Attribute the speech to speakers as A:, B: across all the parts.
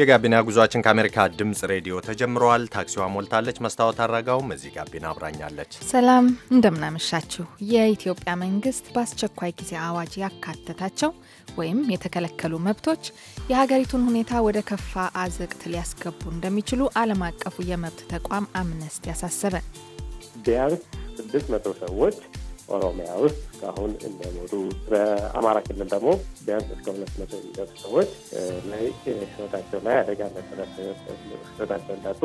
A: የጋቢና ጉዟችን ከአሜሪካ ድምፅ ሬዲዮ ተጀምረዋል። ታክሲዋ ሞልታለች። መስታወት አድረጋውም እዚህ ጋቢና አብራኛለች።
B: ሰላም እንደምናመሻችሁ። የኢትዮጵያ መንግስት በአስቸኳይ ጊዜ አዋጅ ያካተታቸው ወይም የተከለከሉ መብቶች የሀገሪቱን ሁኔታ ወደ ከፋ አዘቅት ሊያስገቡ እንደሚችሉ ዓለም አቀፉ የመብት ተቋም አምነስቲ ያሳሰበን
C: ቢያንስ ስድስት መቶ ሰዎች ኦሮሚያ ውስጥ እስካሁን እንደሞቱ በአማራ ክልል ደግሞ ቢያንስ እስከ ሁለት መቶ የሚደርሱ ሰዎች ላይ ህይወታቸው ላይ አደጋ ህይወታቸው እንዳጡ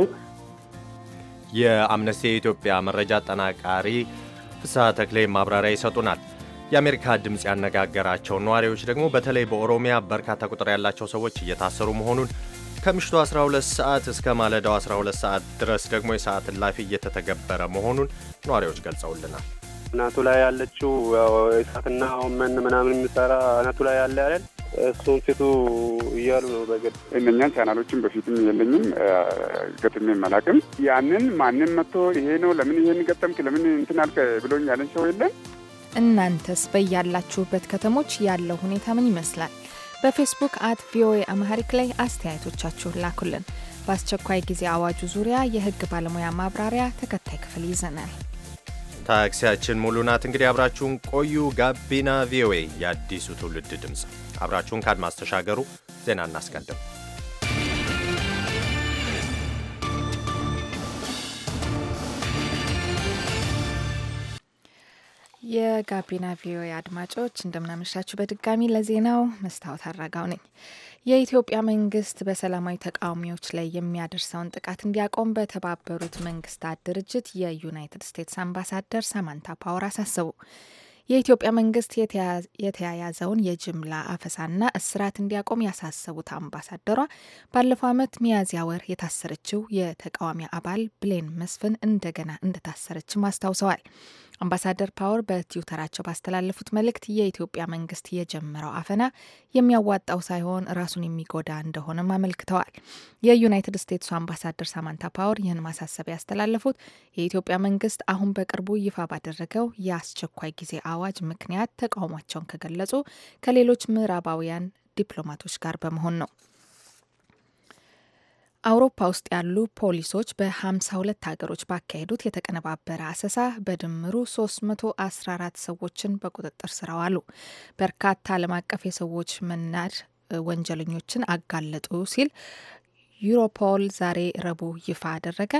A: የአምነስቲ የኢትዮጵያ መረጃ አጠናቃሪ ፍስሐ ተክሌ ማብራሪያ ይሰጡናል። የአሜሪካ ድምፅ ያነጋገራቸው ነዋሪዎች ደግሞ በተለይ በኦሮሚያ በርካታ ቁጥር ያላቸው ሰዎች እየታሰሩ መሆኑን ከምሽቱ 12 ሰዓት እስከ ማለዳው 12 ሰዓት ድረስ ደግሞ የሰዓት እላፊ እየተተገበረ መሆኑን ነዋሪዎች ገልጸውልናል።
D: እናቱ ላይ ያለችው እሳትና ኦመን ምናምን የሚሰራ እናቱ ላይ ያለ ያለን እሱን ፊቱ እያሉ ነው በግድ እነኛን ቻናሎችን በፊትም የለኝም
E: ገጥሜም መላቅም ያንን ማንም መጥቶ ይሄ ነው ለምን ይሄን ገጠምክ ለምን እንትን አልክ ብሎኝ ያለን ሰው የለን።
B: እናንተስ በያላችሁበት ከተሞች ያለው ሁኔታ ምን ይመስላል? በፌስቡክ አት ቪኦኤ አማሪክ ላይ አስተያየቶቻችሁን ላኩልን። በአስቸኳይ ጊዜ አዋጁ ዙሪያ የህግ ባለሙያ ማብራሪያ ተከታይ ክፍል ይዘናል።
A: ታክሲያችን ሙሉ ናት። እንግዲህ አብራችሁን ቆዩ። ጋቢና ቪኦኤ የአዲሱ ትውልድ ድምፅ፣ አብራችሁን ከአድማስ ተሻገሩ። ዜና እናስቀድም።
B: የጋቢና ቪኦኤ አድማጮች እንደምናመሻችሁ። በድጋሚ ለዜናው መስታወት አድራጋው ነኝ። የኢትዮጵያ መንግስት በሰላማዊ ተቃዋሚዎች ላይ የሚያደርሰውን ጥቃት እንዲያቆም በተባበሩት መንግስታት ድርጅት የዩናይትድ ስቴትስ አምባሳደር ሳማንታ ፓወር አሳሰቡ። የኢትዮጵያ መንግስት የተያያዘውን የጅምላ አፈሳና እስራት እንዲያቆም ያሳሰቡት አምባሳደሯ ባለፈው ዓመት ሚያዝያ ወር የታሰረችው የተቃዋሚ አባል ብሌን መስፍን እንደገና እንደታሰረችም አስታውሰዋል። አምባሳደር ፓወር በትዊተራቸው ባስተላለፉት መልእክት የኢትዮጵያ መንግስት የጀመረው አፈና የሚያዋጣው ሳይሆን ራሱን የሚጎዳ እንደሆነም አመልክተዋል። የዩናይትድ ስቴትሱ አምባሳደር ሳማንታ ፓወር ይህን ማሳሰቢያ ያስተላለፉት የኢትዮጵያ መንግስት አሁን በቅርቡ ይፋ ባደረገው የአስቸኳይ ጊዜ አዋጅ ምክንያት ተቃውሟቸውን ከገለጹ ከሌሎች ምዕራባውያን ዲፕሎማቶች ጋር በመሆን ነው። አውሮፓ ውስጥ ያሉ ፖሊሶች በ52 ሀገሮች ባካሄዱት የተቀነባበረ አሰሳ በድምሩ 314 ሰዎችን በቁጥጥር ስር አዋሉ። በርካታ ዓለም አቀፍ የሰዎች መናድ ወንጀለኞችን አጋለጡ ሲል ዩሮፖል ዛሬ ረቡዕ ይፋ አደረገ።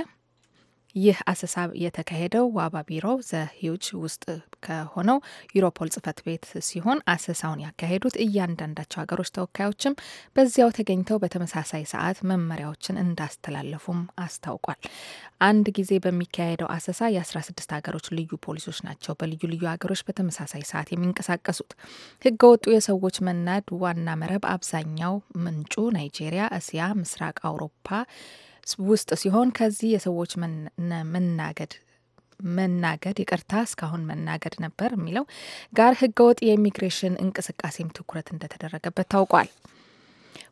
B: ይህ አሰሳብ የተካሄደው ዋባ ቢሮ ዘ ውስጥ ከሆነው ዩሮፖል ጽህፈት ቤት ሲሆን አሰሳውን ያካሄዱት እያንዳንዳቸው ሀገሮች ተወካዮችም በዚያው ተገኝተው በተመሳሳይ ሰዓት መመሪያዎችን እንዳስተላለፉም አስታውቋል። አንድ ጊዜ በሚካሄደው አሰሳ የ16 ሀገሮች ልዩ ፖሊሶች ናቸው በልዩ ልዩ ሀገሮች በተመሳሳይ ሰዓት የሚንቀሳቀሱት። ህገወጡ የሰዎች መናድ ዋና መረብ አብዛኛው ምንጩ ናይጄሪያ፣ እስያ፣ ምስራቅ አውሮፓ ውስጥ ሲሆን ከዚህ የሰዎች መናገድ መናገድ ይቅርታ እስካሁን መናገድ ነበር የሚለው ጋር ህገወጥ የኢሚግሬሽን እንቅስቃሴም ትኩረት እንደተደረገበት ታውቋል።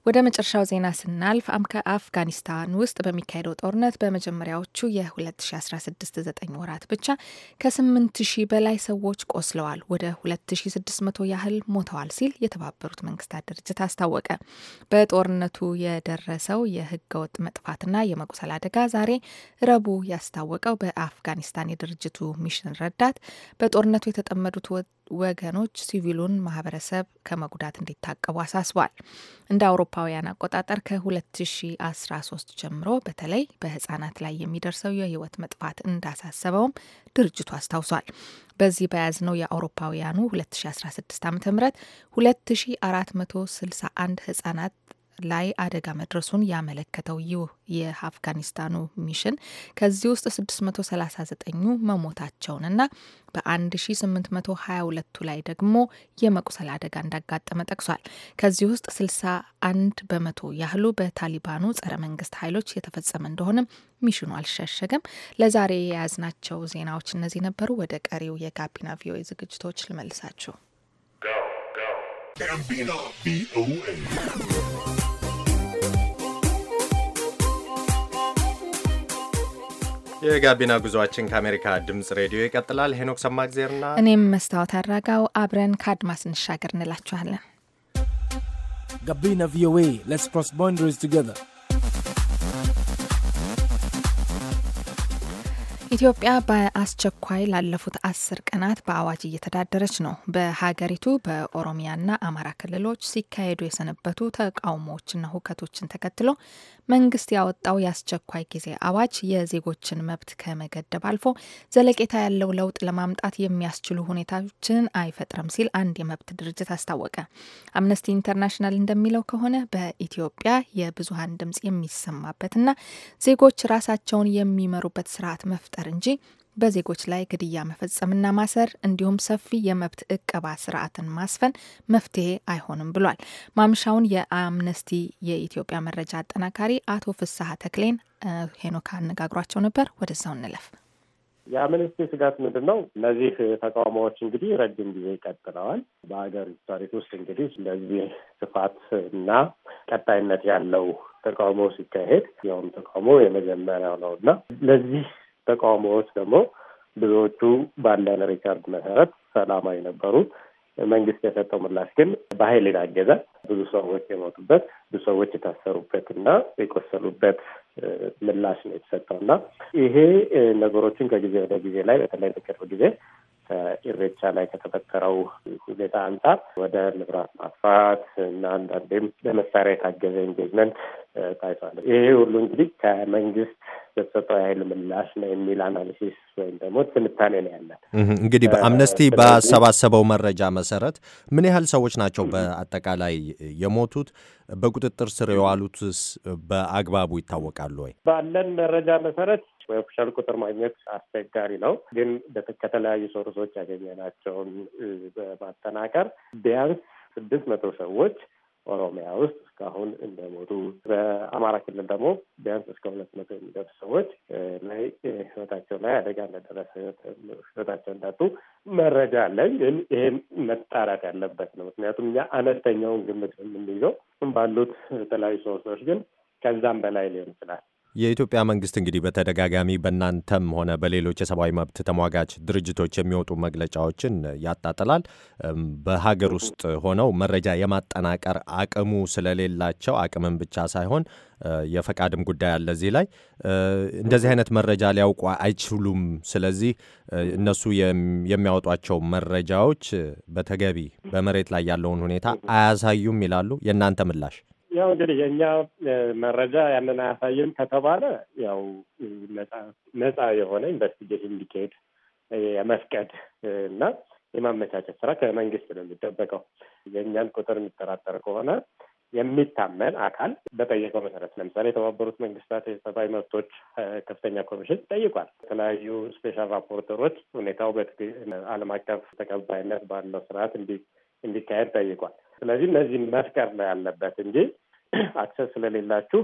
B: ወደ መጨረሻው ዜና ስናልፍ አፍጋኒስታን ውስጥ በሚካሄደው ጦርነት በመጀመሪያዎቹ የ 2016 ዘጠኝ ወራት ብቻ ከ8000 በላይ ሰዎች ቆስለዋል፣ ወደ 2600 ያህል ሞተዋል ሲል የተባበሩት መንግስታት ድርጅት አስታወቀ። በጦርነቱ የደረሰው የህገወጥ መጥፋትና የመቁሰል አደጋ ዛሬ ረቡዕ ያስታወቀው በአፍጋኒስታን የድርጅቱ ሚሽን ረዳት በጦርነቱ የተጠመዱት ወገኖች ሲቪሉን ማህበረሰብ ከመጉዳት እንዲታቀቡ አሳስቧል። እንደ አውሮፓውያን አቆጣጠር ከ2013 ጀምሮ በተለይ በህጻናት ላይ የሚደርሰው የህይወት መጥፋት እንዳሳሰበውም ድርጅቱ አስታውሷል። በዚህ በያዝነው የአውሮፓውያኑ 2016 ዓ ም 2461 ህጻናት ላይ አደጋ መድረሱን ያመለከተው ይህ የአፍጋኒስታኑ ሚሽን ከዚህ ውስጥ 639ኙ መሞታቸውንና በ1822ቱ ላይ ደግሞ የመቁሰል አደጋ እንዳጋጠመ ጠቅሷል። ከዚህ ውስጥ 61 በመቶ ያህሉ በታሊባኑ ጸረ መንግስት ኃይሎች የተፈጸመ እንደሆነም ሚሽኑ አልሸሸገም። ለዛሬ የያዝናቸው ዜናዎች እነዚህ ነበሩ። ወደ ቀሪው የጋቢና ቪኦኤ ዝግጅቶች ልመልሳችሁ።
C: Gambino ቪኦኤ
A: የጋቢና ጉዞአችን ከአሜሪካ ድምጽ ሬዲዮ ይቀጥላል። ሄኖክ ሰማግዜርና
B: እኔም መስታወት አድራጋው አብረን ከአድማስ እንሻገር እንላችኋለን።
F: ጋቢና ቪኦኤ ሌትስ ክሮስ ባውንደሪስ ቱጌዘር
B: ኢትዮጵያ በአስቸኳይ ላለፉት አስር ቀናት በአዋጅ እየተዳደረች ነው። በሀገሪቱ በኦሮሚያና አማራ ክልሎች ሲካሄዱ የሰነበቱ ተቃውሞዎችና ሁከቶችን ተከትሎ መንግስት ያወጣው የአስቸኳይ ጊዜ አዋጅ የዜጎችን መብት ከመገደብ አልፎ ዘለቄታ ያለው ለውጥ ለማምጣት የሚያስችሉ ሁኔታዎችን አይፈጥርም ሲል አንድ የመብት ድርጅት አስታወቀ። አምነስቲ ኢንተርናሽናል እንደሚለው ከሆነ በኢትዮጵያ የብዙሀን ድምጽ የሚሰማበትና ዜጎች ራሳቸውን የሚመሩበት ስርዓት መፍጠር መፍጠር እንጂ በዜጎች ላይ ግድያ መፈጸምና ማሰር እንዲሁም ሰፊ የመብት እቀባ ስርዓትን ማስፈን መፍትሄ አይሆንም ብሏል። ማምሻውን የአምነስቲ የኢትዮጵያ መረጃ አጠናካሪ አቶ ፍስሀ ተክሌን ሄኖክ አነጋግሯቸው ነበር። ወደዛው እንለፍ።
C: የአምነስቲ ስጋት ምንድን ነው? እነዚህ ተቃውሞዎች እንግዲህ ረጅም ጊዜ ቀጥለዋል። በሀገር ታሪክ ውስጥ እንግዲህ እንደዚህ ስፋት እና ቀጣይነት ያለው ተቃውሞ ሲካሄድ ያውም ተቃውሞ የመጀመሪያው ነው እና ለዚህ ተቃውሞዎች ደግሞ ብዙዎቹ ባለን ሪከርድ መሰረት ሰላማዊ ነበሩ። መንግስት የሰጠው ምላሽ ግን በኃይል የታገዘ ብዙ ሰዎች የሞቱበት፣ ብዙ ሰዎች የታሰሩበት እና የቆሰሉበት ምላሽ ነው የተሰጠው እና ይሄ ነገሮችን ከጊዜ ወደ ጊዜ ላይ በተለይ በቅርብ ጊዜ ከኢሬቻ ላይ ከተፈጠረው ሁኔታ አንጻር ወደ ንብረት ማጥፋት እና አንዳንዴም በመሳሪያ የታገዘ ኢንጌጅመንት ታይቷል። ይሄ ሁሉ እንግዲህ ከመንግስት የተሰጠው የኃይል ምላሽ ነው የሚል አናሊሲስ ወይም ደግሞ ትንታኔ ነው ያለን።
A: እንግዲህ በአምነስቲ ባሰባሰበው መረጃ መሰረት ምን ያህል ሰዎች ናቸው በአጠቃላይ የሞቱት? በቁጥጥር ስር የዋሉትስ በአግባቡ ይታወቃሉ ወይ?
C: ባለን መረጃ መሰረት የኦፊሻል ቁጥር ማግኘት አስቸጋሪ ነው። ግን ከተለያዩ ሶርሶች ያገኘናቸውን በማጠናቀር ቢያንስ ስድስት መቶ ሰዎች ኦሮሚያ ውስጥ እስካሁን እንደሞቱ በአማራ ክልል ደግሞ ቢያንስ እስከ ሁለት መቶ የሚደርስ ሰዎች ላይ ህይወታቸው ላይ አደጋ እንደደረሰ ህይወታቸው እንዳጡ መረጃ አለኝ። ግን ይሄን መጣራት ያለበት ነው። ምክንያቱም እኛ አነስተኛውን ግምት የምንይዘው ባሉት የተለያዩ ሰዎች ግን ከዛም በላይ ሊሆን ይችላል።
A: የኢትዮጵያ መንግስት እንግዲህ በተደጋጋሚ በእናንተም ሆነ በሌሎች የሰብአዊ መብት ተሟጋች ድርጅቶች የሚወጡ መግለጫዎችን ያጣጥላል። በሀገር ውስጥ ሆነው መረጃ የማጠናቀር አቅሙ ስለሌላቸው አቅምን ብቻ ሳይሆን የፈቃድም ጉዳይ አለ እዚህ ላይ እንደዚህ አይነት መረጃ ሊያውቁ አይችሉም። ስለዚህ እነሱ የሚያወጧቸው መረጃዎች በተገቢ በመሬት ላይ ያለውን ሁኔታ አያሳዩም ይላሉ። የእናንተ ምላሽ?
C: ያው እንግዲህ የእኛ መረጃ ያንን አያሳይም ከተባለ ያው ነጻ የሆነ ኢንቨስቲጌሽን እንዲካሄድ የመፍቀድ እና የማመቻቸት ስራ ከመንግስት ነው የሚጠበቀው። የእኛን ቁጥር የሚጠራጠር ከሆነ የሚታመን አካል በጠየቀው መሰረት ለምሳሌ የተባበሩት መንግስታት የሰብአዊ መብቶች ከፍተኛ ኮሚሽን ጠይቋል። የተለያዩ ስፔሻል ራፖርተሮች ሁኔታው በዓለም አቀፍ ተቀባይነት ባለው ስርዓት እንዲካሄድ ጠይቋል። ስለዚህ እነዚህ መፍቀር ነው ያለበት እንጂ አክሰስ ስለሌላችሁ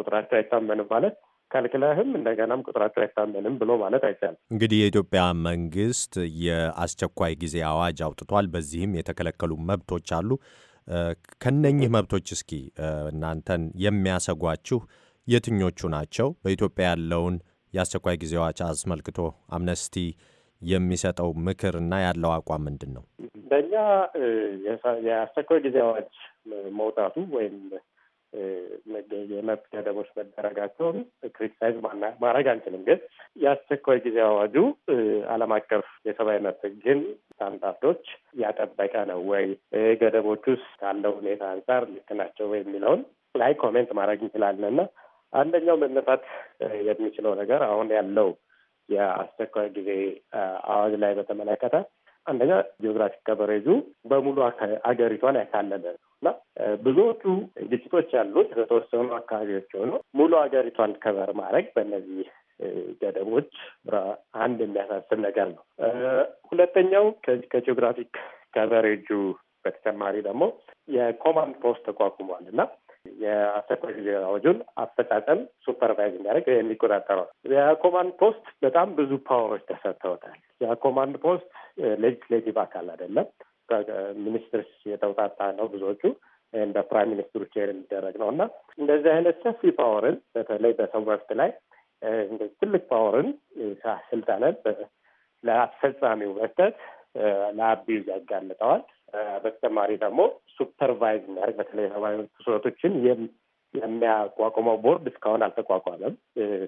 C: ቁጥራቸው አይታመንም ማለት ከልክለህም እንደገናም ቁጥራቸው አይታመንም ብሎ ማለት አይቻልም።
A: እንግዲህ የኢትዮጵያ መንግስት የአስቸኳይ ጊዜ አዋጅ አውጥቷል። በዚህም የተከለከሉ መብቶች አሉ። ከነኚህ መብቶች እስኪ እናንተን የሚያሰጓችሁ የትኞቹ ናቸው? በኢትዮጵያ ያለውን የአስቸኳይ ጊዜ አዋጅ አስመልክቶ አምነስቲ የሚሰጠው ምክር እና ያለው አቋም ምንድን ነው?
C: በእኛ የአስቸኳይ ጊዜ አዋጅ መውጣቱ ወይም የመብት ገደቦች መደረጋቸውን ክሪቲሳይዝ ማድረግ አንችልም። ግን የአስቸኳይ ጊዜ አዋጁ ዓለም አቀፍ የሰብአዊ መብት ግን ስታንዳርዶች ያጠበቀ ነው ወይ፣ ገደቦች ውስጥ ካለው ሁኔታ አንጻር ልክ ናቸው ወይ የሚለውን ላይ ኮሜንት ማድረግ እንችላለን እና አንደኛው መነሳት የሚችለው ነገር አሁን ያለው የአስቸኳይ ጊዜ አዋጅ ላይ በተመለከተ አንደኛ ጂኦግራፊክ ከበሬጁ በሙሉ አገሪቷን ያካለለ እና ብዙዎቹ ግጭቶች ያሉት በተወሰኑ አካባቢዎች የሆኑ ሙሉ ሀገሪቷን ከበር ማድረግ በእነዚህ ገደቦች አንድ የሚያሳስብ ነገር ነው። ሁለተኛው ከጂኦግራፊክ ከቨሬጁ በተጨማሪ ደግሞ የኮማንድ ፖስት ተቋቁሟል እና የአስቸኳይ ጊዜ አዋጁን አፈጻጸም ሱፐርቫይዝ የሚያደርግ የሚቆጣጠረው ነው። የኮማንድ ፖስት በጣም ብዙ ፓወሮች ተሰጥተውታል። የኮማንድ ፖስት ሌጅስሌቲቭ አካል አይደለም። ከሚኒስትር የተውጣጣ ነው። ብዙዎቹ እንደ ፕራይም ሚኒስትሩ ቼር የሚደረግ ነው እና እንደዚህ አይነት ሰፊ ፓወርን በተለይ በሰው መብት ላይ ትልቅ ፓወርን ስልጣንን ለአስፈጻሚው መስጠት ለአቢዩዝ ያጋልጠዋል። በተጨማሪ ደግሞ ሱፐርቫይዝ የሚያደርግ በተለይ ሰብአዊ መብት ጥሰቶችን የሚያቋቁመው ቦርድ እስካሁን አልተቋቋመም።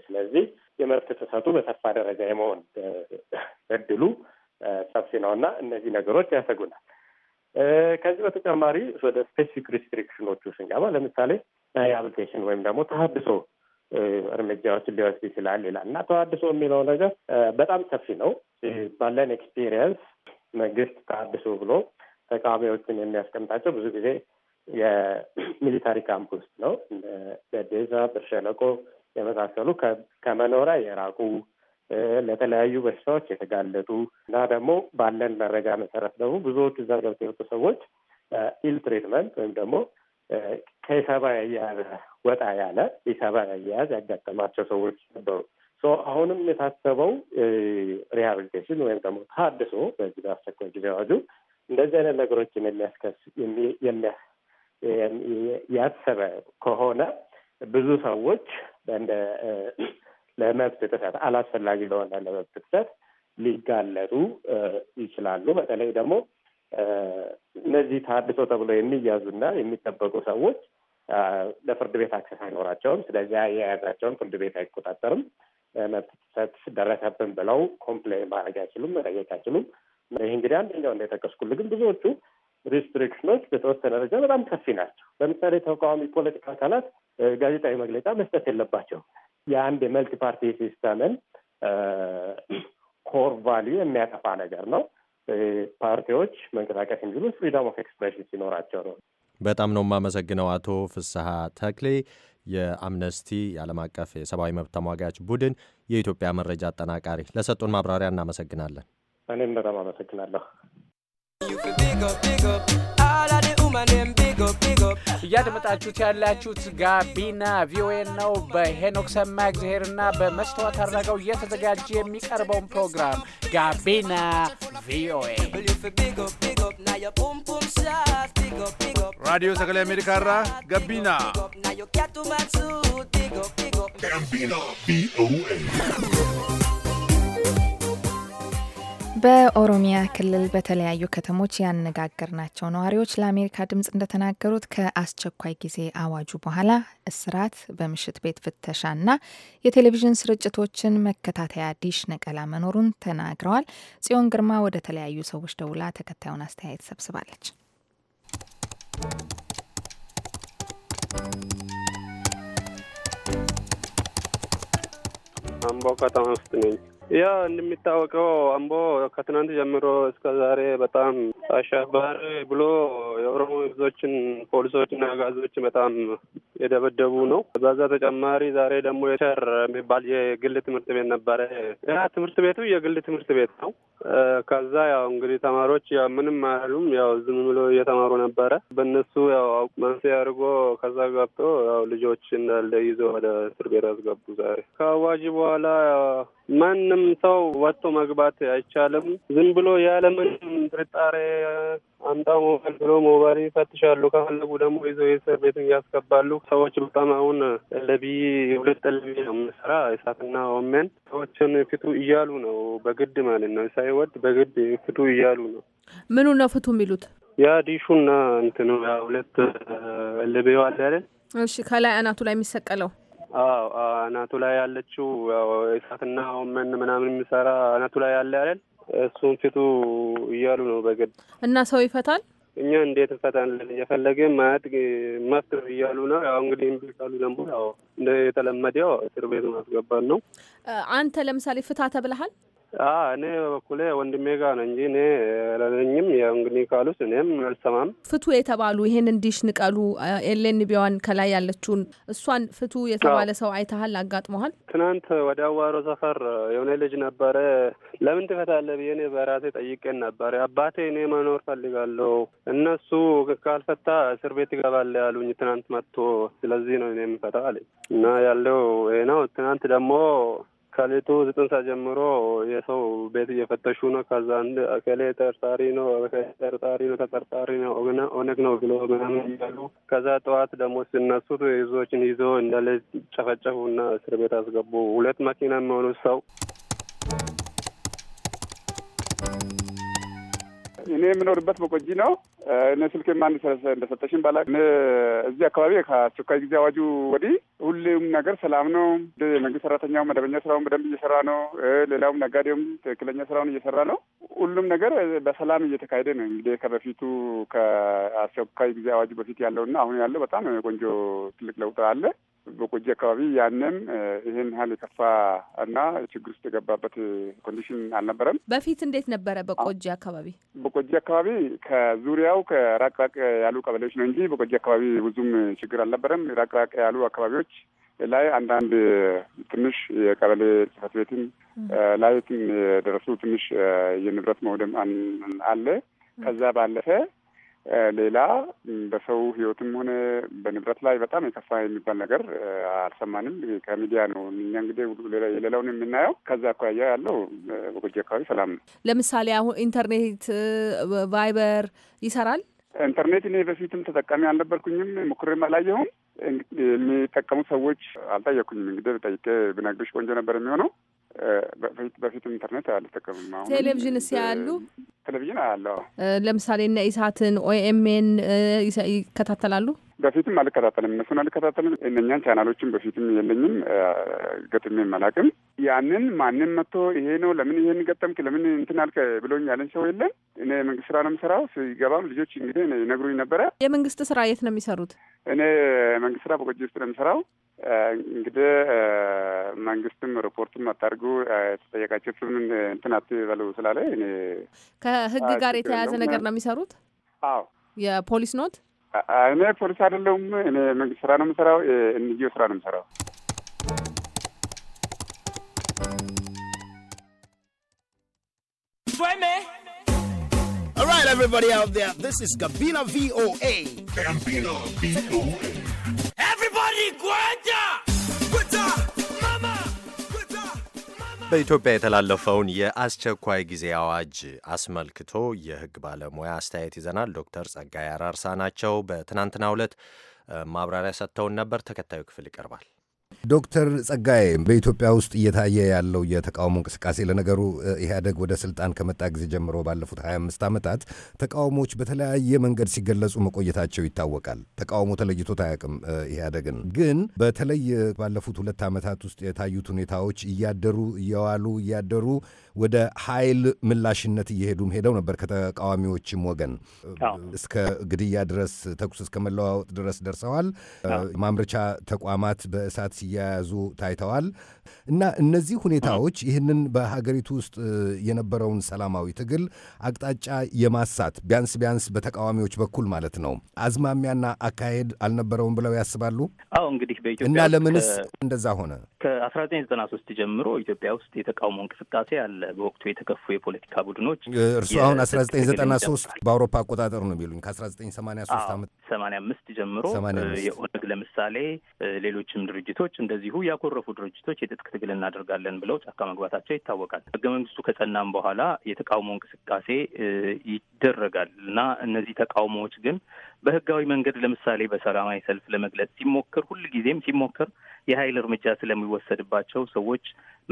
C: ስለዚህ የመብት ጥሰቱ በሰፋ ደረጃ የመሆን እድሉ ሰፊ ነው እና እነዚህ ነገሮች ያሰጉናል። ከዚህ በተጨማሪ ወደ ስፔሲፊክ ሪስትሪክሽኖቹ ስንገባ ለምሳሌ ሪሃብሊቴሽን ወይም ደግሞ ተሀድሶ እርምጃዎች ሊወስድ ይችላል ይላል እና ተሀድሶ የሚለው ነገር በጣም ሰፊ ነው። ባለን ኤክስፒሪየንስ መንግስት ተሀድሶ ብሎ ተቃዋሚዎችን የሚያስቀምጣቸው ብዙ ጊዜ የሚሊታሪ ካምፕ ውስጥ ነው። ደዴዛ፣ ብርሸለቆ የመሳሰሉ ከመኖሪያ የራቁ ለተለያዩ በሽታዎች የተጋለጡ እና ደግሞ ባለን መረጃ መሰረት ደግሞ ብዙዎቹ እዛ ገብቶ የወጡ ሰዎች ኢል ትሪትመንት ወይም ደግሞ ከሰባ ያያያዝ ወጣ ያለ የሰባ ያያያዝ ያጋጠማቸው ሰዎች ነበሩ። አሁንም የታሰበው ሪሃብሊቴሽን ወይም ደግሞ ታድሶ በዚህ በአስቸኳይ ጊዜ አዋጁ እንደዚህ አይነት ነገሮችን የሚያስከስ ያሰበ ከሆነ ብዙ ሰዎች እንደ ለመብት ጥሰት አላስፈላጊ ለሆነ ለመብት ጥሰት ሊጋለጡ ይችላሉ። በተለይ ደግሞ እነዚህ ታድሶ ተብሎ የሚያዙና የሚጠበቁ ሰዎች ለፍርድ ቤት አክሰስ አይኖራቸውም። ስለዚያ የያዛቸውን ፍርድ ቤት አይቆጣጠርም። መብት ጥሰት ደረሰብን ብለው ኮምፕሌን ማድረግ አይችሉም፣ መጠየቅ አይችሉም። ይህ እንግዲህ አንደኛው እንደጠቀስኩልህ፣ ግን ብዙዎቹ ሪስትሪክሽኖች በተወሰነ ደረጃ በጣም ሰፊ ናቸው። ለምሳሌ ተቃዋሚ ፖለቲካ አካላት ጋዜጣዊ መግለጫ መስጠት የለባቸውም። የአንድ የመልቲ ፓርቲ ሲስተምን ኮር ቫሊዩ የሚያጠፋ ነገር ነው። ፓርቲዎች መንቀሳቀስ የሚሉ ፍሪደም ኦፍ ኤክስፕሬሽን ሲኖራቸው ነው።
A: በጣም ነው የማመሰግነው አቶ ፍስሀ ተክሌ የአምነስቲ የዓለም አቀፍ የሰብአዊ መብት ተሟጋች ቡድን የኢትዮጵያ መረጃ አጠናቃሪ ለሰጡን ማብራሪያ እናመሰግናለን።
C: እኔም በጣም አመሰግናለሁ።
A: እያደመጣችሁት ያላችሁት ጋቢና ቪኦኤ ነው። በሄኖክ ሰማ እግዚአብሔርና በመስተዋት አድረገው እየተዘጋጀ የሚቀርበውን ፕሮግራም ጋቢና ቪኦኤ ራዲዮ አሜሪካ ራ ጋቢና ጋቢና
F: ቪኦኤ
B: በኦሮሚያ ክልል በተለያዩ ከተሞች ያነጋገርናቸው ነዋሪዎች ለአሜሪካ ድምፅ እንደተናገሩት ከአስቸኳይ ጊዜ አዋጁ በኋላ እስራት፣ በምሽት ቤት ፍተሻና የቴሌቪዥን ስርጭቶችን መከታተያ ዲሽ ነቀላ መኖሩን ተናግረዋል። ጽዮን ግርማ ወደ ተለያዩ ሰዎች ደውላ ተከታዩን አስተያየት ሰብስባለች።
D: አምቦ ከተማ ውስጥ ነኝ። ያ እንደሚታወቀው አምቦ ከትናንት ጀምሮ እስከ ዛሬ በጣም አሸባሪ ብሎ የኦሮሞ ህዝቦችን ፖሊሶችና አጋዞች በጣም የደበደቡ ነው። በዛ ተጨማሪ ዛሬ ደግሞ የቸር የሚባል የግል ትምህርት ቤት ነበረ። ያ ትምህርት ቤቱ የግል ትምህርት ቤት ነው። ከዛ ያው እንግዲህ ተማሪዎች ያው ምንም አያሉም፣ ያው ዝም ብሎ እየተማሩ ነበረ። በእነሱ ያው መንስኤ አድርጎ ከዛ ገብቶ ያው ልጆች እንዳለ ይዞ ወደ እስር ቤት አስገቡ። ዛሬ ከአዋጅ በኋላ ማን ማንም ሰው ወጥቶ መግባት አይቻልም። ዝም ብሎ ያለምንም ጥርጣሬ አምጣ ሞባይል ብሎ ሞባይል ይፈትሻሉ። ከፈለጉ ደግሞ ይዘው የእስር ቤት ያስገባሉ። ሰዎች በጣም አሁን ለቢ ሁለት ለቢ ነው የምንሰራ እሳትና ኦሜን ሰዎችን ፍቱ እያሉ ነው በግድ ማለት ነው። ሳይወድ በግድ ፍቱ እያሉ ነው።
B: ምኑ ነው ፍቱ የሚሉት?
D: ያ ዲሹና እንትኑ ሁለት ለቤዋ አለ አይደል?
B: እሺ ከላይ አናቱ ላይ የሚሰቀለው
D: አዎ አናቱ ላይ ያለችው እሳትና ወመን ምናምን የሚሰራ አናቱ ላይ ያለ ያለን እሱን ፊቱ እያሉ ነው በግድ
B: እና ሰው ይፈታል።
D: እኛ እንዴት እንፈታለን? እየፈለገ ማለት መፍትር እያሉ ነው። ያው እንግዲህ እምቢ ካሉ ደግሞ ያው እንደተለመደው እስር ቤት ማስገባት ነው።
B: አንተ ለምሳሌ ፍታ ተብለሃል?
D: እኔ በበኩሌ ወንድሜ ጋር ነው እንጂ እኔ ለነኝም እንግዲህ ካሉት እኔም አልሰማም።
B: ፍቱ የተባሉ ይሄን እንዲሽ ንቀሉ ኤሌን ቢዋን ከላይ ያለችውን እሷን ፍቱ የተባለ ሰው አይተሃል? አጋጥመሃል?
D: ትናንት ወደ አዋሮ ሰፈር የሆነ ልጅ ነበረ። ለምን ትፈታለህ ብዬ እኔ በራሴ ጠይቄን ነበረ። አባቴ እኔ መኖር ፈልጋለሁ፣ እነሱ ካልፈታ እስር ቤት ይገባል ያሉኝ ትናንት መጥቶ፣ ስለዚህ ነው እኔ የምፈታ አለኝ እና ያለው ይሄ ነው። ትናንት ደግሞ ከሌቱ ዘጠኝ ሰዓት ጀምሮ የሰው ቤት እየፈተሹ ነው። ከዛ አንድ እከሌ ተጠርጣሪ ነው ተጠርጣሪ ነው ተጠርጣሪ ነው ኦነግ ነው ብሎ ምናምን እያሉ ከዛ ጠዋት ደግሞ ሲነሱት ህዝቦችን ይዞ እንዳለ እና እስር ቤት አስገቡ። ሁለት መኪና የሚሆኑ ሰው
E: እኔ የምኖርበት በቆጂ ነው። እኔ ስልክ አንድ እንደሰጠሽን ባላ እዚህ አካባቢ ከአስቸኳይ ጊዜ አዋጁ ወዲህ ሁሉም ነገር ሰላም ነው። የመንግስት ሰራተኛው መደበኛ ስራውን በደንብ እየሰራ ነው። ሌላውም ነጋዴውም ትክክለኛ ስራውን እየሰራ ነው። ሁሉም ነገር በሰላም እየተካሄደ ነው። እንግዲህ ከበፊቱ ከአስቸኳይ ጊዜ አዋጁ በፊት ያለውና አሁን ያለው በጣም ቆንጆ ትልቅ ለውጥ አለ። በቆጂ አካባቢ ያንን ይህን ያህል የከፋ እና ችግር ውስጥ የገባበት ኮንዲሽን አልነበረም።
B: በፊት እንዴት ነበረ? በቆጂ አካባቢ
E: በቆጂ አካባቢ ከዙሪያው ከራቅራቅ ያሉ ቀበሌዎች ነው እንጂ በቆጂ አካባቢ ብዙም ችግር አልነበረም። ራቅራቅ ያሉ አካባቢዎች ላይ አንዳንድ ትንሽ የቀበሌ ጽሕፈት ቤትም ላይ የደረሱ ትንሽ የንብረት መውደም አለ። ከዛ ባለፈ ሌላ በሰው ህይወትም ሆነ በንብረት ላይ በጣም የከፋ የሚባል ነገር አልሰማንም። ከሚዲያ ነው እኛ እንግዲህ የሌላውን የምናየው። ከዛ አኳያ ያለው በጎጂ አካባቢ ሰላም ነው።
B: ለምሳሌ አሁን ኢንተርኔት ቫይበር ይሰራል።
E: ኢንተርኔት እኔ በፊትም ተጠቃሚ አልነበርኩኝም፣ ሞክሬም አላየሁም። የሚጠቀሙ ሰዎች አልታየኩኝም እንግዲህ ጠይቄ ብነግርሽ ቆንጆ ነበር የሚሆነው በፊት ኢንተርኔት አልጠቀምም። ቴሌቪዥን እስ ያሉ ቴሌቪዥን አያለሁ።
B: ለምሳሌ እነ ኢሳትን ኦኤምኤን ይከታተላሉ።
E: በፊትም አልከታተልም፣ እነሱን አልከታተልም። እነኛን ቻናሎችን በፊትም የለኝም ገጥሜ አላውቅም። ያንን ማንም መጥቶ ይሄ ነው ለምን ይሄን ገጠምክ ለምን እንትን አልከ ብሎኝ ያለን ሰው የለን። እኔ የመንግስት ስራ ነው የምሰራው። ሲገባም ልጆች እንግዲህ ይነግሩኝ ነበረ።
B: የመንግስት ስራ የት ነው የሚሰሩት?
E: እኔ መንግስት ስራ በቆጅ ውስጥ ነው የምሰራው። እንግዲህ መንግስትም ሪፖርቱም አታርጉ የተጠየቃችሁትን እንትን አትበሉ ስላለ እኔ
B: ከህግ ጋር የተያያዘ ነገር ነው የሚሰሩት። አዎ የፖሊስ ኖት።
E: እኔ ፖሊስ አይደለሁም። እኔ መንግስት ስራ ነው የምሰራው። እንየው ስራ ነው የምሰራው።
F: All right, everybody out there, this is Gabina VOA. Gabina VOA.
A: በኢትዮጵያ የተላለፈውን የአስቸኳይ ጊዜ አዋጅ አስመልክቶ የሕግ ባለሙያ አስተያየት ይዘናል። ዶክተር ጸጋይ አራርሳ ናቸው። በትናንትናው ዕለት ማብራሪያ ሰጥተውን ነበር። ተከታዩ ክፍል ይቀርባል።
F: ዶክተር ጸጋዬ በኢትዮጵያ ውስጥ እየታየ ያለው የተቃውሞ እንቅስቃሴ ለነገሩ ኢህአደግ ወደ ስልጣን ከመጣ ጊዜ ጀምሮ ባለፉት 25 ዓመታት ተቃውሞዎች በተለያየ መንገድ ሲገለጹ መቆየታቸው ይታወቃል። ተቃውሞ ተለይቶት አያውቅም። ኢህአደግን ግን በተለይ ባለፉት ሁለት ዓመታት ውስጥ የታዩት ሁኔታዎች እያደሩ እየዋሉ እያደሩ ወደ ኃይል ምላሽነት እየሄዱም ሄደው ነበር። ከተቃዋሚዎችም ወገን እስከ ግድያ ድረስ፣ ተኩስ እስከ መለዋወጥ ድረስ ደርሰዋል። ማምረቻ ተቋማት በእሳት ሲያያዙ ታይተዋል እና እነዚህ ሁኔታዎች ይህንን በሀገሪቱ ውስጥ የነበረውን ሰላማዊ ትግል አቅጣጫ የማሳት ቢያንስ ቢያንስ በተቃዋሚዎች በኩል ማለት ነው አዝማሚያና አካሄድ አልነበረውም ብለው ያስባሉ?
G: አዎ እንግዲህ በኢትዮጵያ እና ለምንስ እንደዛ ሆነ? ከአስራ ዘጠኝ ዘጠና ሶስት ጀምሮ ኢትዮጵያ ውስጥ የተቃውሞ እንቅስቃሴ አለ። በወቅቱ የተከፉ የፖለቲካ ቡድኖች እርሱ አሁን አስራ ዘጠኝ ዘጠና ሶስት
F: በአውሮፓ አቆጣጠር ነው የሚሉኝ ከአስራ ዘጠኝ ሰማንያ ሶስት
G: ሰማንያ አምስት ጀምሮ የኦነግ ለምሳሌ ሌሎችም ድርጅቶች ድርጅቶች እንደዚሁ ያኮረፉ ድርጅቶች የትጥቅ ትግል እናደርጋለን ብለው ጫካ መግባታቸው ይታወቃል። ህገ መንግስቱ ከጸናም በኋላ የተቃውሞ እንቅስቃሴ ይደረጋል እና እነዚህ ተቃውሞዎች ግን በህጋዊ መንገድ ለምሳሌ በሰላማዊ ሰልፍ ለመግለጽ ሲሞክር ሁልጊዜም ሲሞክር የኃይል እርምጃ ስለሚወሰድባቸው ሰዎች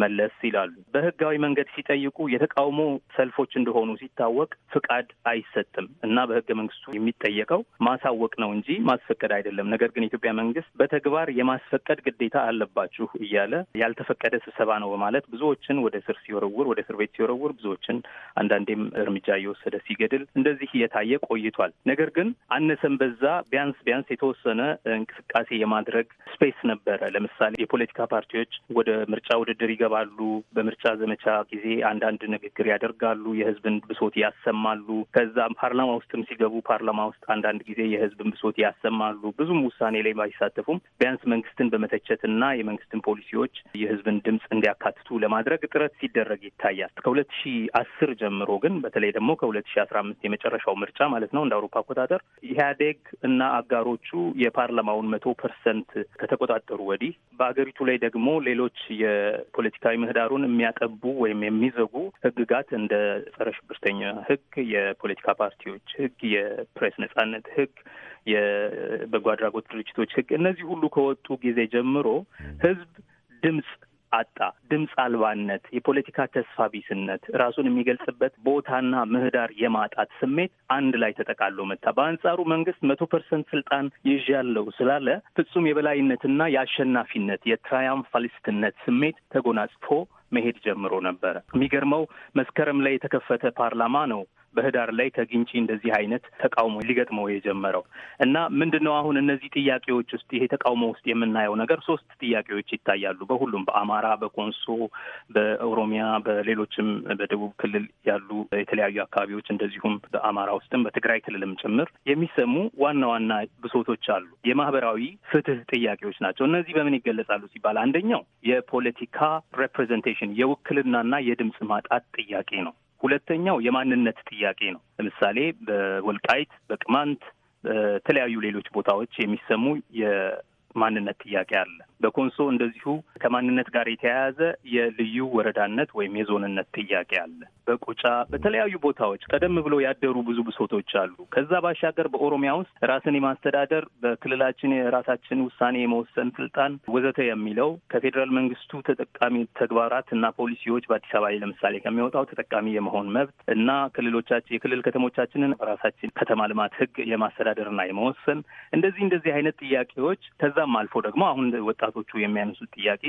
G: መለስ ይላሉ። በህጋዊ መንገድ ሲጠይቁ የተቃውሞ ሰልፎች እንደሆኑ ሲታወቅ ፍቃድ አይሰጥም እና በህገ መንግስቱ የሚጠየቀው ማሳወቅ ነው እንጂ ማስፈቀድ አይደለም። ነገር ግን የኢትዮጵያ መንግስት በተግባር የማስፈቀድ ግዴታ አለባችሁ እያለ ያልተፈቀደ ስብሰባ ነው በማለት ብዙዎችን ወደ እስር ሲወረውር፣ ወደ እስር ቤት ሲወረውር፣ ብዙዎችን አንዳንዴም እርምጃ እየወሰደ ሲገድል እንደዚህ እየታየ ቆይቷል። ነገር ግን አነሰም በዛ ቢያንስ ቢያንስ የተወሰነ እንቅስቃሴ የማድረግ ስፔስ ነበረ ለምሳሌ የፖለቲካ ፓርቲዎች ወደ ምርጫ ውድድር ይገባሉ። በምርጫ ዘመቻ ጊዜ አንዳንድ ንግግር ያደርጋሉ፣ የህዝብን ብሶት ያሰማሉ። ከዛ ፓርላማ ውስጥም ሲገቡ ፓርላማ ውስጥ አንዳንድ ጊዜ የህዝብን ብሶት ያሰማሉ። ብዙም ውሳኔ ላይ ባይሳተፉም ቢያንስ መንግስትን በመተቸት እና የመንግስትን ፖሊሲዎች የህዝብን ድምፅ እንዲያካትቱ ለማድረግ ጥረት ሲደረግ ይታያል። ከሁለት ሺ አስር ጀምሮ ግን በተለይ ደግሞ ከሁለት ሺ አስራ አምስት የመጨረሻው ምርጫ ማለት ነው እንደ አውሮፓ አቆጣጠር ኢህአዴግ እና አጋሮቹ የፓርላማውን መቶ ፐርሰንት ከተቆጣጠሩ ወዲህ በአገሪቱ ላይ ደግሞ ሌሎች የፖለቲካዊ ምህዳሩን የሚያጠቡ ወይም የሚዘጉ ህግጋት እንደ ጸረ ሽብርተኛ ህግ፣ የፖለቲካ ፓርቲዎች ህግ፣ የፕሬስ ነጻነት ህግ፣ የበጎ አድራጎት ድርጅቶች ህግ እነዚህ ሁሉ ከወጡ ጊዜ ጀምሮ ህዝብ ድምፅ አጣ። ድምፅ አልባነት፣ የፖለቲካ ተስፋ ቢስነት፣ ራሱን የሚገልጽበት ቦታና ምህዳር የማጣት ስሜት አንድ ላይ ተጠቃሎ መታ። በአንጻሩ መንግስት መቶ ፐርሰንት ስልጣን ይዣለሁ ስላለ ፍጹም የበላይነትና የአሸናፊነት የትራያምፋሊስትነት ስሜት ተጎናጽፎ መሄድ ጀምሮ ነበረ። የሚገርመው መስከረም ላይ የተከፈተ ፓርላማ ነው። በህዳር ላይ ከግንጪ እንደዚህ አይነት ተቃውሞ ሊገጥመው የጀመረው እና ምንድን ነው አሁን እነዚህ ጥያቄዎች ውስጥ ይሄ ተቃውሞ ውስጥ የምናየው ነገር ሶስት ጥያቄዎች ይታያሉ። በሁሉም በአማራ፣ በኮንሶ፣ በኦሮሚያ፣ በሌሎችም በደቡብ ክልል ያሉ የተለያዩ አካባቢዎች እንደዚሁም በአማራ ውስጥም በትግራይ ክልልም ጭምር የሚሰሙ ዋና ዋና ብሶቶች አሉ። የማህበራዊ ፍትህ ጥያቄዎች ናቸው። እነዚህ በምን ይገለጻሉ ሲባል አንደኛው የፖለቲካ ሬፕሬዘንቴሽን የውክልናና የድምፅ ማጣት ጥያቄ ነው። ሁለተኛው የማንነት ጥያቄ ነው። ለምሳሌ በወልቃይት፣ በቅማንት፣ በተለያዩ ሌሎች ቦታዎች የሚሰሙ የማንነት ጥያቄ አለ። በኮንሶ እንደዚሁ ከማንነት ጋር የተያያዘ የልዩ ወረዳነት ወይም የዞንነት ጥያቄ አለ። በቁጫ በተለያዩ ቦታዎች ቀደም ብሎ ያደሩ ብዙ ብሶቶች አሉ። ከዛ ባሻገር በኦሮሚያ ውስጥ ራስን የማስተዳደር በክልላችን የራሳችን ውሳኔ የመወሰን ስልጣን ወዘተ የሚለው ከፌዴራል መንግስቱ ተጠቃሚ ተግባራት እና ፖሊሲዎች በአዲስ አበባ ላይ ለምሳሌ ከሚወጣው ተጠቃሚ የመሆን መብት እና ክልሎቻችን የክልል ከተሞቻችንን በራሳችን ከተማ ልማት ህግ የማስተዳደርና የመወሰን እንደዚህ እንደዚህ አይነት ጥያቄዎች ከዛም አልፎ ደግሞ አሁን ወጣቱ ወጣቶቹ የሚያነሱት ጥያቄ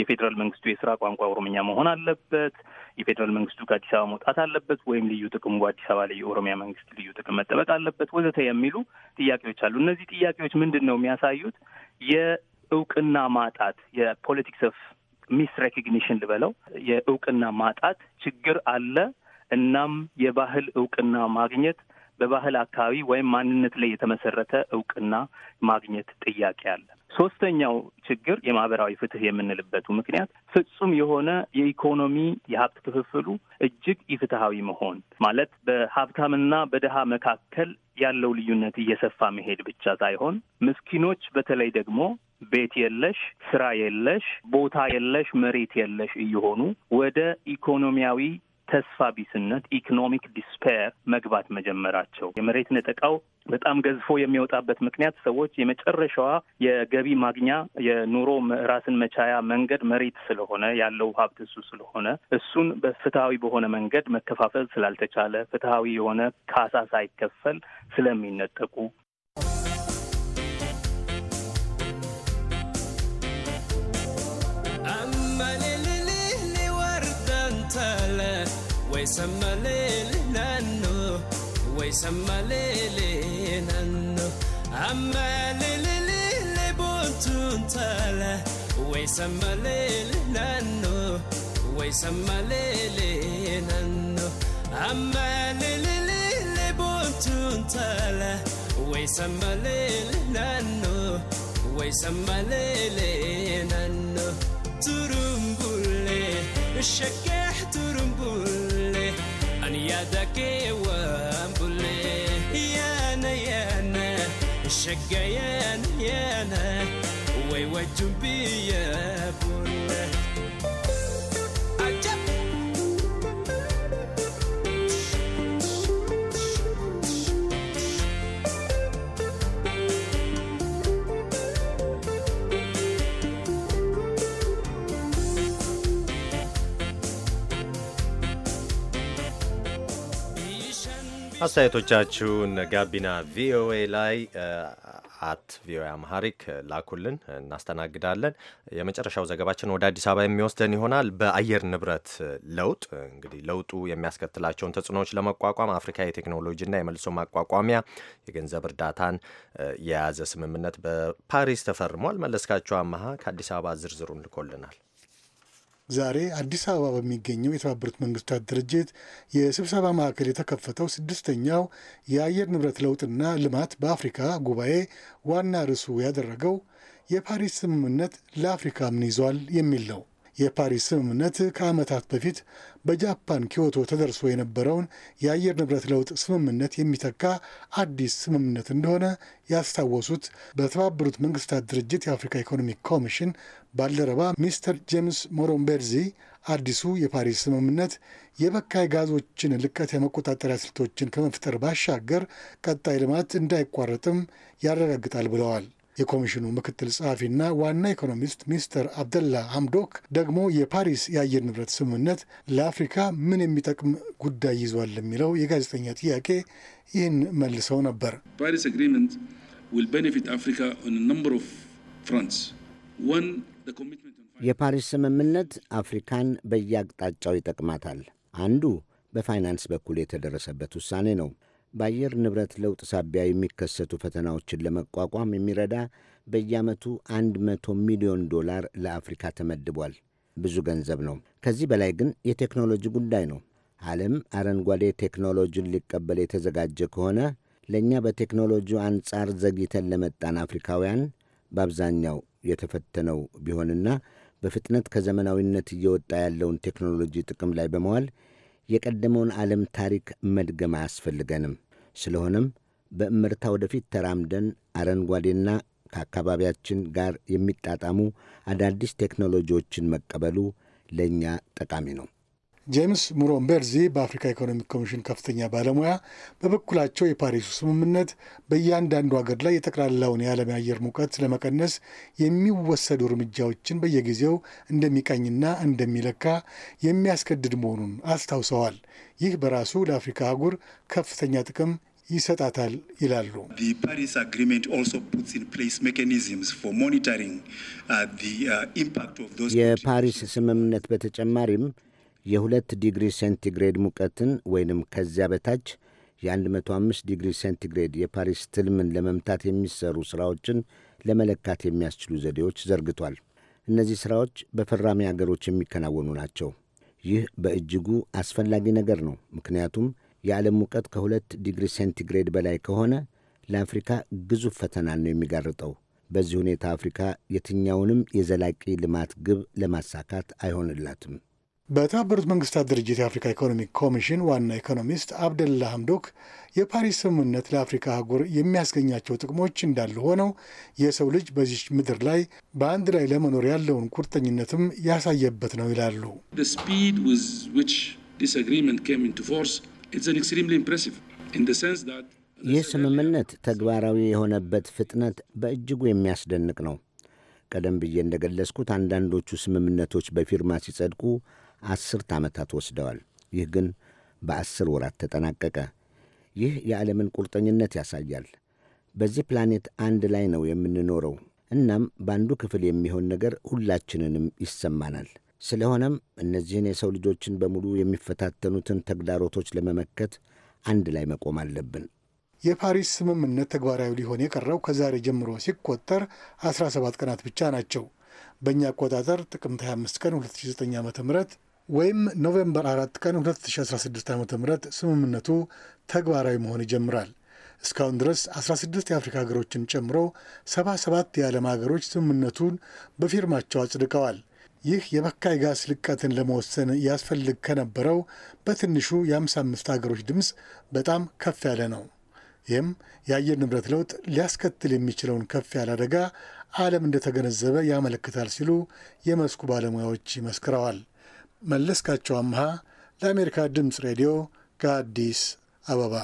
G: የፌዴራል መንግስቱ የስራ ቋንቋ ኦሮምኛ መሆን አለበት፣ የፌዴራል መንግስቱ ከአዲስ አበባ መውጣት አለበት፣ ወይም ልዩ ጥቅሙ አዲስ አበባ ላይ የኦሮሚያ መንግስት ልዩ ጥቅም መጠበቅ አለበት ወዘተ የሚሉ ጥያቄዎች አሉ። እነዚህ ጥያቄዎች ምንድን ነው የሚያሳዩት? የእውቅና ማጣት የፖለቲክስ ኦፍ ሚስ ሬኮግኒሽን ልበለው የእውቅና ማጣት ችግር አለ። እናም የባህል እውቅና ማግኘት በባህል አካባቢ ወይም ማንነት ላይ የተመሰረተ እውቅና ማግኘት ጥያቄ አለ። ሶስተኛው ችግር የማህበራዊ ፍትህ የምንልበቱ ምክንያት ፍጹም የሆነ የኢኮኖሚ የሀብት ክፍፍሉ እጅግ ኢፍትሐዊ መሆን ማለት በሀብታምና በድሃ መካከል ያለው ልዩነት እየሰፋ መሄድ ብቻ ሳይሆን ምስኪኖች በተለይ ደግሞ ቤት የለሽ፣ ስራ የለሽ፣ ቦታ የለሽ፣ መሬት የለሽ እየሆኑ ወደ ኢኮኖሚያዊ ተስፋ ቢስነት ኢኮኖሚክ ዲስፔር መግባት መጀመራቸው የመሬት ነጠቃው በጣም ገዝፎ የሚወጣበት ምክንያት ሰዎች የመጨረሻዋ የገቢ ማግኛ የኑሮ ራስን መቻያ መንገድ መሬት ስለሆነ ያለው ሀብት እሱ ስለሆነ እሱን በፍትሐዊ በሆነ መንገድ መከፋፈል ስላልተቻለ ፍትሐዊ የሆነ ካሳ ሳይከፈል ስለሚነጠቁ
H: ويسمى ليل نانو ويسمى ليل نانو أما ليل ليل بنتون تالا ويسمى ليل نانو ويسمى ليل نانو أما ليل ليل بنتون تالا ويسمى ليل نانو ويسمى ليل نانو ترمبولي الشكاح ترمبولي يدك وامبلي يانا يانا الشقة يانا يانا ويوجه بيا بني
A: አስተያየቶቻችሁን ጋቢና ቪኦኤ ላይ አት ቪኦኤ አምሃሪክ ላኩልን፣ እናስተናግዳለን። የመጨረሻው ዘገባችን ወደ አዲስ አበባ የሚወስደን ይሆናል። በአየር ንብረት ለውጥ እንግዲህ ለውጡ የሚያስከትላቸውን ተጽዕኖዎች ለመቋቋም አፍሪካ የቴክኖሎጂና የመልሶ ማቋቋሚያ የገንዘብ እርዳታን የያዘ ስምምነት በፓሪስ ተፈርሟል። መለስካቸው አመሃ ከአዲስ አበባ ዝርዝሩን ልኮልናል።
I: ዛሬ አዲስ አበባ በሚገኘው የተባበሩት መንግስታት ድርጅት የስብሰባ ማዕከል የተከፈተው ስድስተኛው የአየር ንብረት ለውጥና ልማት በአፍሪካ ጉባኤ ዋና ርዕሱ ያደረገው የፓሪስ ስምምነት ለአፍሪካ ምን ይዟል የሚል ነው። የፓሪስ ስምምነት ከዓመታት በፊት በጃፓን ኪዮቶ ተደርሶ የነበረውን የአየር ንብረት ለውጥ ስምምነት የሚተካ አዲስ ስምምነት እንደሆነ ያስታወሱት በተባበሩት መንግስታት ድርጅት የአፍሪካ ኢኮኖሚክ ኮሚሽን ባልደረባ ሚስተር ጄምስ ሞሮምቤርዚ አዲሱ የፓሪስ ስምምነት የበካይ ጋዞችን ልቀት የመቆጣጠሪያ ስልቶችን ከመፍጠር ባሻገር ቀጣይ ልማት እንዳይቋረጥም ያረጋግጣል ብለዋል። የኮሚሽኑ ምክትል ጸሐፊና ዋና ኢኮኖሚስት ሚስተር አብደላ አምዶክ ደግሞ የፓሪስ የአየር ንብረት ስምምነት ለአፍሪካ ምን የሚጠቅም ጉዳይ ይዟል የሚለው የጋዜጠኛ
H: ጥያቄ ይህን መልሰው ነበር። የፓሪስ ስምምነት አፍሪካን በየአቅጣጫው ይጠቅማታል። አንዱ በፋይናንስ በኩል የተደረሰበት ውሳኔ ነው። በአየር ንብረት ለውጥ ሳቢያ የሚከሰቱ ፈተናዎችን ለመቋቋም የሚረዳ በየዓመቱ 100 ሚሊዮን ዶላር ለአፍሪካ ተመድቧል። ብዙ ገንዘብ ነው። ከዚህ በላይ ግን የቴክኖሎጂ ጉዳይ ነው። ዓለም አረንጓዴ ቴክኖሎጂን ሊቀበል የተዘጋጀ ከሆነ ለእኛ በቴክኖሎጂው አንጻር ዘግይተን ለመጣን አፍሪካውያን በአብዛኛው የተፈተነው ቢሆንና በፍጥነት ከዘመናዊነት እየወጣ ያለውን ቴክኖሎጂ ጥቅም ላይ በመዋል የቀደመውን ዓለም ታሪክ መድገም አያስፈልገንም። ስለሆነም በእምርታ ወደፊት ተራምደን አረንጓዴና ከአካባቢያችን ጋር የሚጣጣሙ አዳዲስ ቴክኖሎጂዎችን መቀበሉ ለእኛ ጠቃሚ ነው።
I: ጄምስ ሙሮምበርዚ በአፍሪካ ኢኮኖሚክ ኮሚሽን ከፍተኛ ባለሙያ በበኩላቸው የፓሪሱ ስምምነት በእያንዳንዱ ሀገር ላይ የጠቅላላውን የዓለም የአየር ሙቀት ለመቀነስ የሚወሰዱ እርምጃዎችን በየጊዜው እንደሚቃኝና እንደሚለካ የሚያስገድድ መሆኑን አስታውሰዋል። ይህ በራሱ ለአፍሪካ አህጉር ከፍተኛ ጥቅም ይሰጣታል ይላሉ። uh, uh,
H: የፓሪስ ስምምነት በተጨማሪም የሁለት ዲግሪ ሴንቲግሬድ ሙቀትን ወይንም ከዚያ በታች የ105 ዲግሪ ሴንቲግሬድ የፓሪስ ትልምን ለመምታት የሚሰሩ ሥራዎችን ለመለካት የሚያስችሉ ዘዴዎች ዘርግቷል። እነዚህ ሥራዎች በፈራሚ አገሮች የሚከናወኑ ናቸው። ይህ በእጅጉ አስፈላጊ ነገር ነው። ምክንያቱም የዓለም ሙቀት ከሁለት ዲግሪ ሴንቲግሬድ በላይ ከሆነ ለአፍሪካ ግዙፍ ፈተናን ነው የሚጋርጠው። በዚህ ሁኔታ አፍሪካ የትኛውንም የዘላቂ ልማት ግብ ለማሳካት አይሆንላትም።
I: በተባበሩት መንግስታት ድርጅት የአፍሪካ ኢኮኖሚክ ኮሚሽን ዋና ኢኮኖሚስት አብደላ ሀምዶክ የፓሪስ ስምምነት ለአፍሪካ አህጉር የሚያስገኛቸው ጥቅሞች እንዳሉ ሆነው የሰው ልጅ በዚች ምድር ላይ በአንድ ላይ ለመኖር ያለውን ቁርጠኝነትም ያሳየበት ነው ይላሉ።
H: ይህ ስምምነት ተግባራዊ የሆነበት ፍጥነት በእጅጉ የሚያስደንቅ ነው። ቀደም ብዬ እንደገለጽኩት አንዳንዶቹ ስምምነቶች በፊርማ ሲጸድቁ አስርት ዓመታት ወስደዋል። ይህ ግን በአስር ወራት ተጠናቀቀ። ይህ የዓለምን ቁርጠኝነት ያሳያል። በዚህ ፕላኔት አንድ ላይ ነው የምንኖረው። እናም በአንዱ ክፍል የሚሆን ነገር ሁላችንንም ይሰማናል። ስለሆነም እነዚህን የሰው ልጆችን በሙሉ የሚፈታተኑትን ተግዳሮቶች ለመመከት አንድ ላይ መቆም አለብን።
I: የፓሪስ ስምምነት ተግባራዊ ሊሆን የቀረው ከዛሬ ጀምሮ ሲቆጠር 17 ቀናት ብቻ ናቸው። በእኛ አቆጣጠር ጥቅምት 25 ቀን 2009 ዓ.ም ወይም ኖቬምበር 4 ቀን 2016 ዓ ም ስምምነቱ ተግባራዊ መሆን ይጀምራል። እስካሁን ድረስ 16 የአፍሪካ ሀገሮችን ጨምሮ 77 የዓለም ሀገሮች ስምምነቱን በፊርማቸው አጽድቀዋል። ይህ የበካይ ጋስ ልቀትን ለመወሰን ያስፈልግ ከነበረው በትንሹ የ55 ሀገሮች ድምፅ በጣም ከፍ ያለ ነው። ይህም የአየር ንብረት ለውጥ ሊያስከትል የሚችለውን ከፍ ያለ አደጋ ዓለም እንደተገነዘበ ያመለክታል ሲሉ የመስኩ ባለሙያዎች ይመስክረዋል። መለስካቸው አምሃ ለአሜሪካ ድምፅ ሬዲዮ ከአዲስ አበባ።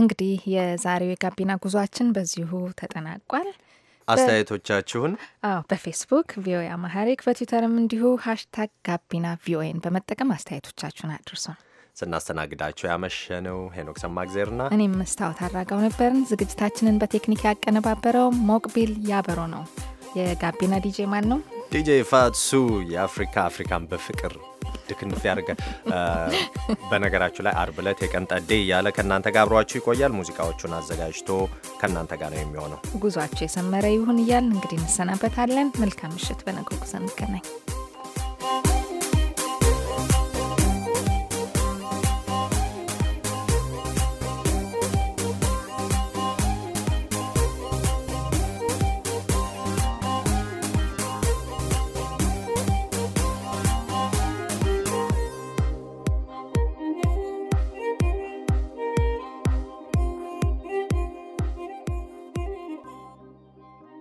B: እንግዲህ የዛሬው የጋቢና ጉዟችን በዚሁ ተጠናቋል።
A: አስተያየቶቻችሁን
B: አዎ፣ በፌስቡክ ቪኦኤ አማሐሪክ በትዊተርም እንዲሁ ሀሽታግ ጋቢና ቪኦኤን በመጠቀም አስተያየቶቻችሁን አድርሱን።
A: ስናስተናግዳቸው ያመሸነው ሄኖክ ሰማግዜርና እኔም
B: መስታወት አድራጋው ነበርን። ዝግጅታችንን በቴክኒክ ያቀነባበረው ሞቅቢል ያበሮ ነው። የጋቢና ዲጄ ማን ነው?
A: ዲጄ ፋትሱ የአፍሪካ አፍሪካን በፍቅር ድክንፍ ያደርገ። በነገራችሁ ላይ አርብ ዕለት የቀን ጠዴ እያለ ከእናንተ ጋር አብሯችሁ ይቆያል። ሙዚቃዎቹን አዘጋጅቶ ከእናንተ ጋር ነው የሚሆነው።
B: ጉዟቸው የሰመረ ይሁን እያል እንግዲህ እንሰናበታለን። መልካም ምሽት። በነገው ጉዞ እንገናኝ።